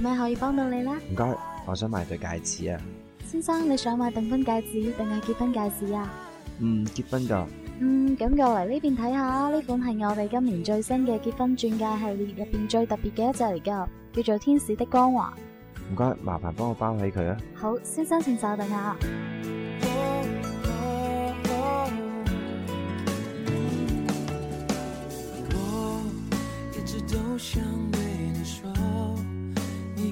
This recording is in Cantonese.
有咩可以幫到你咧？唔該，我想買對戒指啊。先生，你想買訂婚戒指定係結婚戒指啊？嗯，結婚噶。嗯，咁過嚟呢邊睇下，呢款係我哋今年最新嘅結婚鑽戒系列入邊最特別嘅一隻嚟噶，叫做天使的光華。唔該，麻煩幫我包起佢啊。好，先生請稍等下。哦哦哦、我。一直都想。